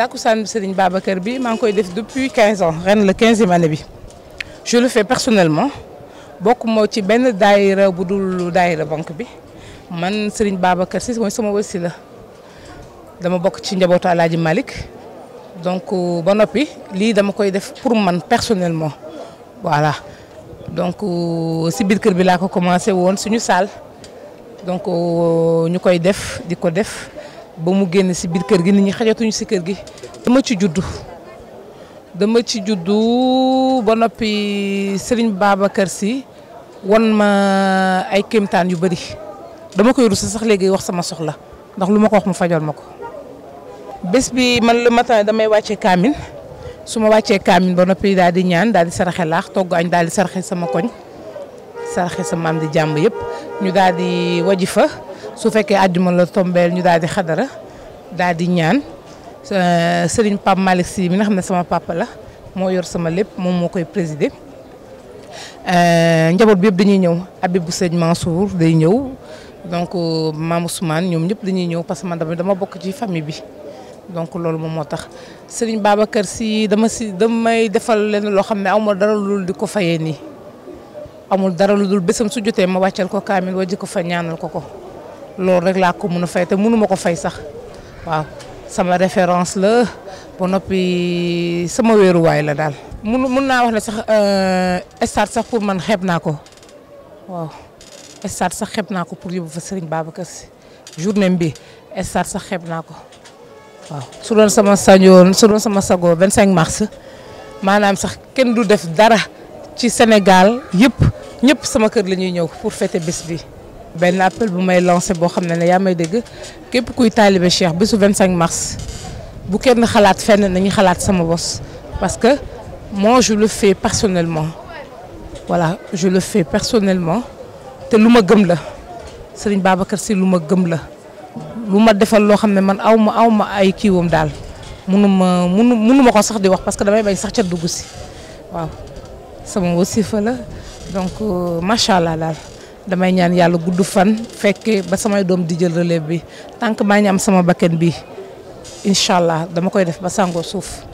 takkusaanu Serigne Babacar bi maa ngi koy def depuis 15 ans ren la 15e année bi je le fais personnellement bokk moo ci benn daayira bu dul daayira bonk bi man Serigne Babacar si mooy sama wasi la dama bokk ci njabootu Alaaji Malick donc euh, ba noppi lii dama koy def pour man personnellement voilà donc euh, si biir kër bi laa ko commencé woon suñu salle donc euh, ñu koy def di ko def ba mu génn si biir kër gi nit ñi xajatuñu si kër gi. dama ci juddu dama ci juddu ba noppi Serigne kër si wan ma ay kéemtaan yu bari dama koy rus sax léegi wax sama soxla ndax lu ma ko wax mu fajal ma ko. bés bi man le matin damay wàcce kaamin su ma wàccee kaamin ba noppi daal di ñaan daal di saraxe laax togg añ daal di saraxe sama koñ saraxe sa am di jàmb yëpp ñu daal di waji fa su fekkee àjjuma la tombeel ñu daal di xadara daal di ñaan euh, sëriñ Pape Malick Sy mi nga xam ne sama papa la moo yor sama lépp moom moo koy présider euh, njaboot bi yëpp dañuy ñëw Habib bu sëñ Mansour day ñëw donc euh, Mame Ousmane ñoom ñëpp dañuy ñëw parce que man dama bokk ci famille bi donc loolu moom moo tax sëriñ baaba kër si dama si damay defal leen loo xam ne amul dara lu dul di ko fayee nii amul dara lu dul bésam su jotee ma wàccal ko kaamil wajji ko fa ñaanal ko ko. loolu rek laa ko mën a fay te mënuma ko fay sax waaw sama référence la ba noppi sama wéeruwaay la daal. mun mun naa wax ne sax euh, stade sax pour man xeeb naa ko waaw stade sax xeeb naa ko pour yóbbu fa Serigne Babacar Sy journée bi stade sax xeeb naa ko waaw. su doon sama sañoon su doon sama sagoo 25 mars maanaam sax kenn du def dara ci Sénégal yëpp ñëpp sama kër la ñuy ñëw pour fêter bés bi. benn appel bu may lancé boo xam ne ne yaa may dégg képp kuy taalibe Cheikh bésu 25 mars bu kenn xalaat fen nañu xalaat sama bos parce que moi je le fais personnellement voilà je le fais personnellement te lu ma gëm la Serigne Babacar Sy lu ma gëm la lu ma defal loo xam ne man aw ma aw ma ay kiiwam daal munu ma munu munu ma ko sax di wax parce que damay bañ sax ca dugg si waaw sama wasifa la donc euh, macha allah daal. damay ñaan yàlla gudd fan fekke ba samay doom di jël relève bi tant maa ngi am sama bakkan bi incha allah dama koy def ba sangoo suuf.